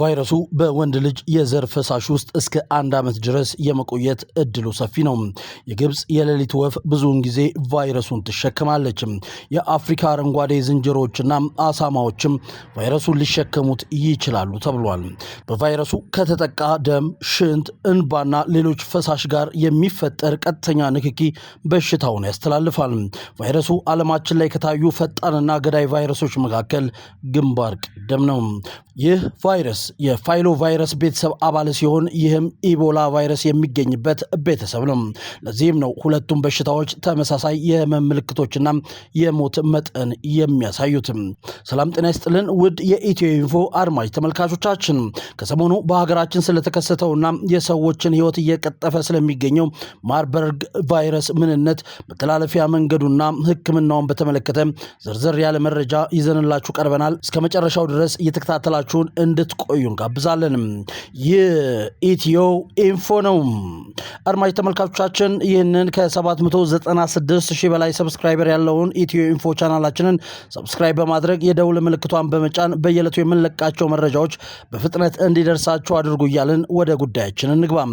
ቫይረሱ በወንድ ልጅ የዘር ፈሳሽ ውስጥ እስከ አንድ ዓመት ድረስ የመቆየት እድሉ ሰፊ ነው። የግብፅ የሌሊት ወፍ ብዙውን ጊዜ ቫይረሱን ትሸከማለች። የአፍሪካ አረንጓዴ ዝንጀሮዎችና አሳማዎችም ቫይረሱን ሊሸከሙት ይችላሉ ተብሏል። በቫይረሱ ከተጠቃ ደም፣ ሽንት፣ እንባና ሌሎች ፈሳሽ ጋር የሚፈጠር ቀጥተኛ ንክኪ በሽታውን ያስተላልፋል። ቫይረሱ ዓለማችን ላይ ከታዩ ፈጣንና ገዳይ ቫይረሶች መካከል ግንባር ቀደም ነው። ይህ ቫይረስ ቫይረስ የፋይሎ ቫይረስ ቤተሰብ አባል ሲሆን ይህም ኢቦላ ቫይረስ የሚገኝበት ቤተሰብ ነው። ለዚህም ነው ሁለቱም በሽታዎች ተመሳሳይ የህመም ምልክቶችና የሞት መጠን የሚያሳዩት። ሰላም ጤና ይስጥልን ውድ የኢትዮ ኢንፎ አድማጭ ተመልካቾቻችን ከሰሞኑ በሀገራችን ስለተከሰተውና የሰዎችን ህይወት እየቀጠፈ ስለሚገኘው ማርበርግ ቫይረስ ምንነት፣ መተላለፊያ መንገዱና ህክምናውን በተመለከተ ዝርዝር ያለ መረጃ ይዘንላችሁ ቀርበናል። እስከ መጨረሻው ድረስ እየተከታተላችሁን እንድትቆ እንድትቆዩ እንጋብዛለንም። ይህ ኢትዮ ኢንፎ ነው። አድማጭ ተመልካቾቻችን ይህንን ከ796 ሺህ በላይ ሰብስክራይበር ያለውን ኢትዮ ኢንፎ ቻናላችንን ሰብስክራይብ በማድረግ የደውል ምልክቷን በመጫን በየዕለቱ የምንለቃቸው መረጃዎች በፍጥነት እንዲደርሳችሁ አድርጉ እያልን ወደ ጉዳያችን እንግባም።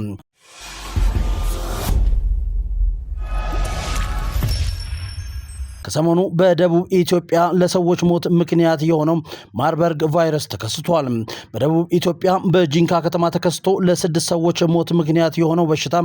ከሰሞኑ በደቡብ ኢትዮጵያ ለሰዎች ሞት ምክንያት የሆነው ማርበርግ ቫይረስ ተከስቷል። በደቡብ ኢትዮጵያ በጂንካ ከተማ ተከስቶ ለስድስት ሰዎች ሞት ምክንያት የሆነው በሽታ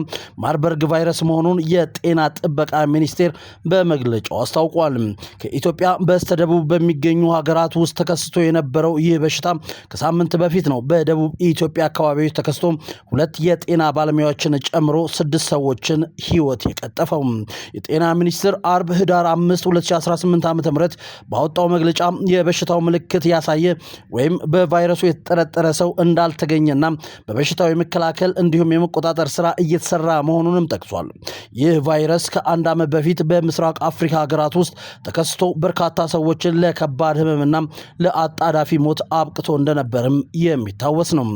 ማርበርግ ቫይረስ መሆኑን የጤና ጥበቃ ሚኒስቴር በመግለጫው አስታውቋል። ከኢትዮጵያ በስተደቡብ በሚገኙ ሀገራት ውስጥ ተከስቶ የነበረው ይህ በሽታ ከሳምንት በፊት ነው በደቡብ ኢትዮጵያ አካባቢዎች ተከስቶ ሁለት የጤና ባለሙያዎችን ጨምሮ ስድስት ሰዎችን ሕይወት የቀጠፈው። የጤና ሚኒስቴር አርብ ህዳር አምስት 6 2018 ዓ ም ባወጣው መግለጫ የበሽታው ምልክት ያሳየ ወይም በቫይረሱ የተጠረጠረ ሰው እንዳልተገኘና በበሽታው የመከላከል እንዲሁም የመቆጣጠር ስራ እየተሰራ መሆኑንም ጠቅሷል። ይህ ቫይረስ ከአንድ ዓመት በፊት በምስራቅ አፍሪካ ሀገራት ውስጥ ተከስቶ በርካታ ሰዎችን ለከባድ ህመምና ለአጣዳፊ ሞት አብቅቶ እንደነበርም የሚታወስ ነው።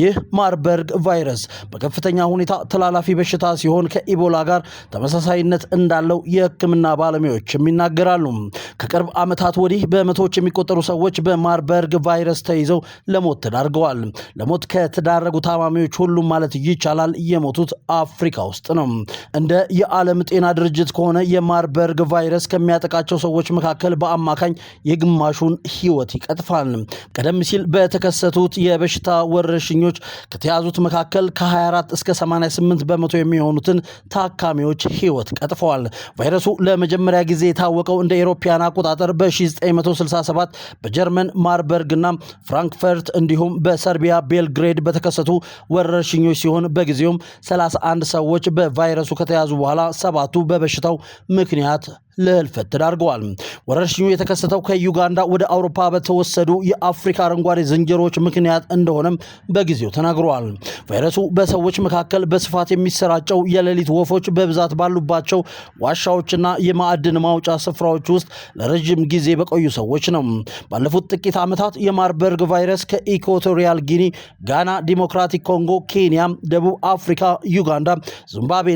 ይህ ማርበርግ ቫይረስ በከፍተኛ ሁኔታ ተላላፊ በሽታ ሲሆን ከኢቦላ ጋር ተመሳሳይነት እንዳለው ባለሙያዎች የሚ ይናገራሉ። ከቅርብ ዓመታት ወዲህ በመቶዎች የሚቆጠሩ ሰዎች በማርበርግ ቫይረስ ተይዘው ለሞት ተዳርገዋል። ለሞት ከተዳረጉ ታማሚዎች ሁሉም ማለት ይቻላል የሞቱት አፍሪካ ውስጥ ነው። እንደ የዓለም ጤና ድርጅት ከሆነ የማርበርግ ቫይረስ ከሚያጠቃቸው ሰዎች መካከል በአማካኝ የግማሹን ሕይወት ይቀጥፋል። ቀደም ሲል በተከሰቱት የበሽታ ወረርሽኞች ከተያዙት መካከል ከ24 እስከ 88 በመቶ የሚሆኑትን ታካሚዎች ሕይወት ቀጥፈዋል። ቫይረሱ ለመጀመሪያ ጊዜ የሚታወቀው እንደ ኤሮፓያን አቆጣጠር በ1967 በጀርመን ማርበርግና ፍራንክፈርት እንዲሁም በሰርቢያ ቤልግሬድ በተከሰቱ ወረርሽኞች ሲሆን በጊዜውም 31 ሰዎች በቫይረሱ ከተያዙ በኋላ ሰባቱ በበሽታው ምክንያት ለህልፈት ተዳርገዋል። ወረርሽኙ የተከሰተው ከዩጋንዳ ወደ አውሮፓ በተወሰዱ የአፍሪካ አረንጓዴ ዝንጀሮዎች ምክንያት እንደሆነም በጊዜው ተናግረዋል። ቫይረሱ በሰዎች መካከል በስፋት የሚሰራጨው የሌሊት ወፎች በብዛት ባሉባቸው ዋሻዎችና የማዕድን ማውጫ ስፍራዎች ውስጥ ለረዥም ጊዜ በቆዩ ሰዎች ነው። ባለፉት ጥቂት ዓመታት የማርበርግ ቫይረስ ከኢኳቶሪያል ጊኒ፣ ጋና፣ ዲሞክራቲክ ኮንጎ፣ ኬንያ፣ ደቡብ አፍሪካ፣ ዩጋንዳ፣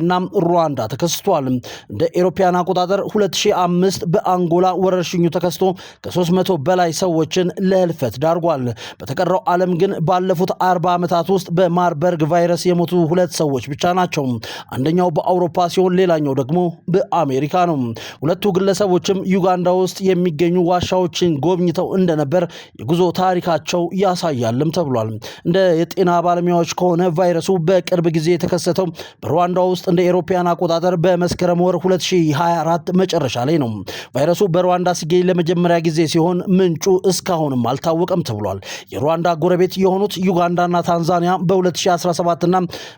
እና ሩዋንዳ ተከስቷል። እንደ ኤሮፓያን አቆጣጠር 2005 በአንጎላ ወረርሽኙ ተከስቶ ከ300 በላይ ሰዎችን ለህልፈት ዳርጓል። በተቀረው ዓለም ግን ባለፉት 40 ዓመታት ውስጥ በማርበርግ ቫይረስ የሞቱ ሁለት ሰዎች ብቻ ናቸው። አንደኛው በአውሮፓ ሲሆን ሌላኛው ደግሞ በአሜሪካ ነው። ሁለቱ ግለሰቦችም ዩጋንዳ ውስጥ የሚገኙ ዋሻዎችን ጎብኝተው እንደነበር የጉዞ ታሪካቸው ያሳያልም ተብሏል። እንደ የጤና ባለሙያዎች ከሆነ ቫይረሱ በቅርብ ጊዜ የተከሰተው በሩዋንዳ ውስጥ እንደ ኤሮፓያን አቆጣጠር በመስከረም ወር 2024 መጨረ መጨረሻ ላይ ነው። ቫይረሱ በሩዋንዳ ሲገኝ ለመጀመሪያ ጊዜ ሲሆን ምንጩ እስካሁንም አልታወቀም ተብሏል። የሩዋንዳ ጎረቤት የሆኑት ዩጋንዳና ታንዛኒያ በ2017ና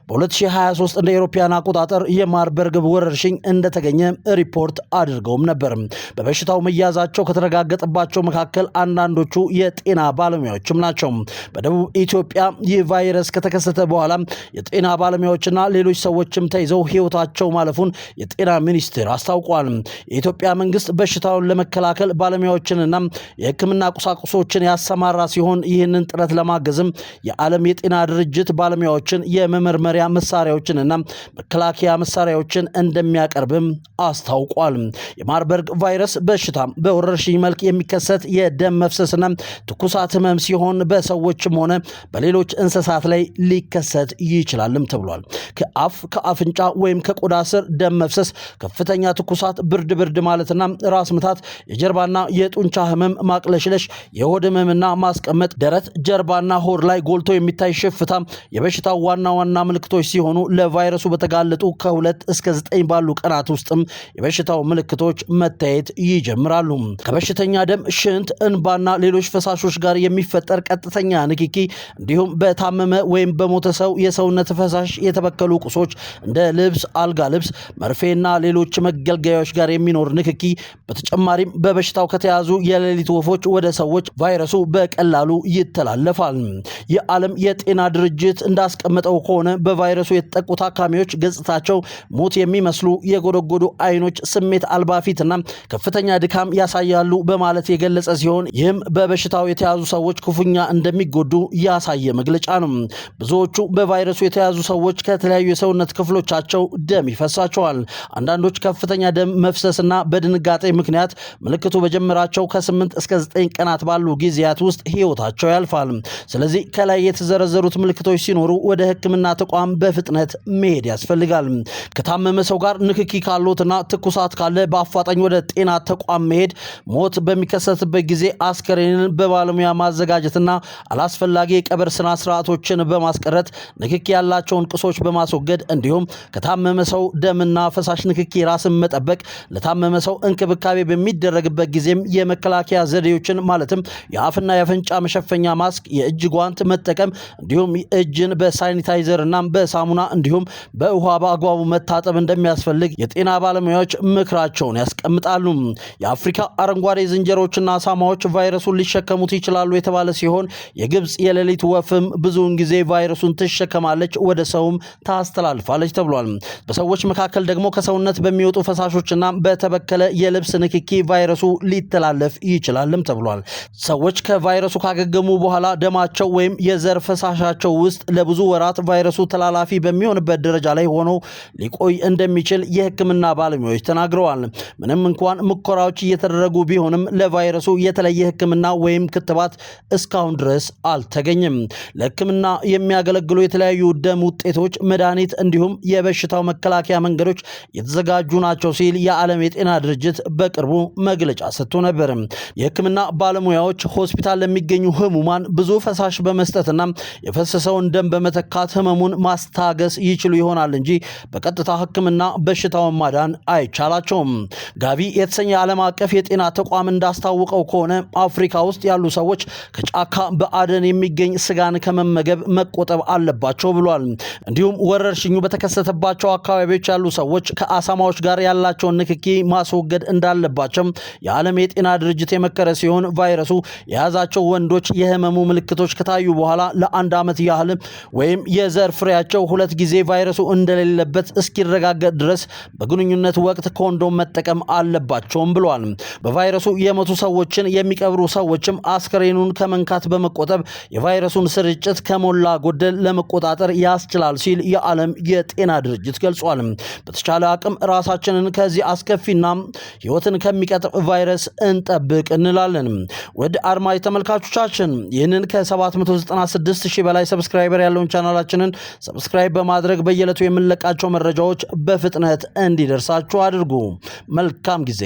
በ2023 እንደ ኤሮፓያን አቆጣጠር የማርበርግ ወረርሽኝ እንደተገኘ ሪፖርት አድርገውም ነበር። በበሽታው መያዛቸው ከተረጋገጠባቸው መካከል አንዳንዶቹ የጤና ባለሙያዎችም ናቸው። በደቡብ ኢትዮጵያ ይህ ቫይረስ ከተከሰተ በኋላ የጤና ባለሙያዎችና ሌሎች ሰዎችም ተይዘው ሕይወታቸው ማለፉን የጤና ሚኒስቴር አስታውቋል። የኢትዮጵያ መንግስት በሽታውን ለመከላከል ባለሙያዎችንና የህክምና ቁሳቁሶችን ያሰማራ ሲሆን ይህንን ጥረት ለማገዝም የዓለም የጤና ድርጅት ባለሙያዎችን የመመርመሪያ መሳሪያዎችንና መከላከያ መሳሪያዎችን እንደሚያቀርብም አስታውቋል። የማርበርግ ቫይረስ በሽታ በወረርሽኝ መልክ የሚከሰት የደም መፍሰስና ትኩሳት ህመም ሲሆን በሰዎችም ሆነ በሌሎች እንስሳት ላይ ሊከሰት ይችላልም ተብሏል። ከአፍ ከአፍንጫ ወይም ከቆዳ ስር ደም መፍሰስ፣ ከፍተኛ ትኩሳት፣ ብርድ ብርድ ማለትና ራስ ምታት፣ የጀርባና የጡንቻ ህመም፣ ማቅለሽለሽ፣ የሆድ ህመምና ማስቀመጥ፣ ደረት፣ ጀርባና ሆድ ላይ ጎልቶ የሚታይ ሽፍታ የበሽታው ዋና ዋና ምልክቶች ሲሆኑ ለቫይረሱ በተጋለጡ ከሁለት እስከ ዘጠኝ ባሉ ቀናት ውስጥም የበሽታው ምልክቶች መታየት ይጀምራሉ። ከበሽተኛ ደም፣ ሽንት፣ እንባና ሌሎች ፈሳሾች ጋር የሚፈጠር ቀጥተኛ ንክኪ እንዲሁም በታመመ ወይም በሞተ ሰው የሰውነት ፈሳሽ የተበከሉ ቁሶች እንደ ልብስ፣ አልጋ ልብስ፣ መርፌና ሌሎች መገልገያዎች ጋር የሚ ከሚኖር ንክኪ በተጨማሪም በበሽታው ከተያዙ የሌሊት ወፎች ወደ ሰዎች ቫይረሱ በቀላሉ ይተላለፋል። የዓለም የጤና ድርጅት እንዳስቀመጠው ከሆነ በቫይረሱ የተጠቁ ታካሚዎች ገጽታቸው ሞት የሚመስሉ የጎደጎዱ አይኖች፣ ስሜት አልባ ፊትና ከፍተኛ ድካም ያሳያሉ በማለት የገለጸ ሲሆን ይህም በበሽታው የተያዙ ሰዎች ክፉኛ እንደሚጎዱ ያሳየ መግለጫ ነው። ብዙዎቹ በቫይረሱ የተያዙ ሰዎች ከተለያዩ የሰውነት ክፍሎቻቸው ደም ይፈሳቸዋል። አንዳንዶች ከፍተኛ ደም መፍሰስ መፍሰስና በድንጋጤ ምክንያት ምልክቱ በጀመራቸው ከ8 እስከ 9 ቀናት ባሉ ጊዜያት ውስጥ ህይወታቸው ያልፋል። ስለዚህ ከላይ የተዘረዘሩት ምልክቶች ሲኖሩ ወደ ህክምና ተቋም በፍጥነት መሄድ ያስፈልጋል። ከታመመ ሰው ጋር ንክኪ ካሎትና ትኩሳት ካለ በአፋጣኝ ወደ ጤና ተቋም መሄድ፣ ሞት በሚከሰትበት ጊዜ አስከሬንን በባለሙያ ማዘጋጀትና አላስፈላጊ የቀብር ስነ ስርዓቶችን በማስቀረት ንክኪ ያላቸውን ቅሶች በማስወገድ እንዲሁም ከታመመ ሰው ደምና ፈሳሽ ንክኪ ራስን መጠበቅ ለታመመ ሰው እንክብካቤ በሚደረግበት ጊዜም የመከላከያ ዘዴዎችን ማለትም የአፍና የአፍንጫ መሸፈኛ ማስክ፣ የእጅ ጓንት መጠቀም እንዲሁም እጅን በሳኒታይዘር እናም በሳሙና እንዲሁም በውሃ በአግባቡ መታጠብ እንደሚያስፈልግ የጤና ባለሙያዎች ምክራቸውን ያስቀምጣሉ። የአፍሪካ አረንጓዴ ዝንጀሮችና አሳማዎች ቫይረሱን ሊሸከሙት ይችላሉ የተባለ ሲሆን የግብፅ የሌሊት ወፍም ብዙውን ጊዜ ቫይረሱን ትሸከማለች፣ ወደ ሰውም ታስተላልፋለች ተብሏል። በሰዎች መካከል ደግሞ ከሰውነት በሚወጡ ፈሳሾችና በተበከለ የልብስ ንክኪ ቫይረሱ ሊተላለፍ ይችላልም ተብሏል። ሰዎች ከቫይረሱ ካገገሙ በኋላ ደማቸው ወይም የዘር ፈሳሻቸው ውስጥ ለብዙ ወራት ቫይረሱ ተላላፊ በሚሆንበት ደረጃ ላይ ሆኖ ሊቆይ እንደሚችል የሕክምና ባለሙያዎች ተናግረዋል። ምንም እንኳን ሙከራዎች እየተደረጉ ቢሆንም ለቫይረሱ የተለየ ሕክምና ወይም ክትባት እስካሁን ድረስ አልተገኝም። ለሕክምና የሚያገለግሉ የተለያዩ ደም ውጤቶች፣ መድኃኒት እንዲሁም የበሽታው መከላከያ መንገዶች የተዘጋጁ ናቸው ሲል የዓለም የዓለም የጤና ድርጅት በቅርቡ መግለጫ ሰጥቶ ነበር። የህክምና ባለሙያዎች ሆስፒታል ለሚገኙ ህሙማን ብዙ ፈሳሽ በመስጠትና የፈሰሰውን ደም በመተካት ህመሙን ማስታገስ ይችሉ ይሆናል እንጂ በቀጥታ ህክምና በሽታውን ማዳን አይቻላቸውም። ጋቢ የተሰኘ ዓለም አቀፍ የጤና ተቋም እንዳስታወቀው ከሆነ አፍሪካ ውስጥ ያሉ ሰዎች ከጫካ በአደን የሚገኝ ስጋን ከመመገብ መቆጠብ አለባቸው ብሏል። እንዲሁም ወረርሽኙ በተከሰተባቸው አካባቢዎች ያሉ ሰዎች ከአሳማዎች ጋር ያላቸውን ንክኪ ማስወገድ እንዳለባቸው የዓለም የጤና ድርጅት የመከረ ሲሆን ቫይረሱ የያዛቸው ወንዶች የህመሙ ምልክቶች ከታዩ በኋላ ለአንድ ዓመት ያህል ወይም የዘር ፍሬያቸው ሁለት ጊዜ ቫይረሱ እንደሌለበት እስኪረጋገጥ ድረስ በግንኙነት ወቅት ኮንዶም መጠቀም አለባቸውም ብሏል። በቫይረሱ የሞቱ ሰዎችን የሚቀብሩ ሰዎችም አስከሬኑን ከመንካት በመቆጠብ የቫይረሱን ስርጭት ከሞላ ጎደል ለመቆጣጠር ያስችላል ሲል የዓለም የጤና ድርጅት ገልጿል። በተቻለ አቅም ራሳችንን ከዚህ አስከፊ ከሰፊና ህይወትን ከሚቀጥፍ ቫይረስ እንጠብቅ እንላለን። ውድ አድማጭ ተመልካቾቻችን ይህንን ከ796 ሺህ በላይ ሰብስክራይበር ያለውን ቻናላችንን ሰብስክራይብ በማድረግ በየዕለቱ የምንለቃቸው መረጃዎች በፍጥነት እንዲደርሳችሁ አድርጉ። መልካም ጊዜ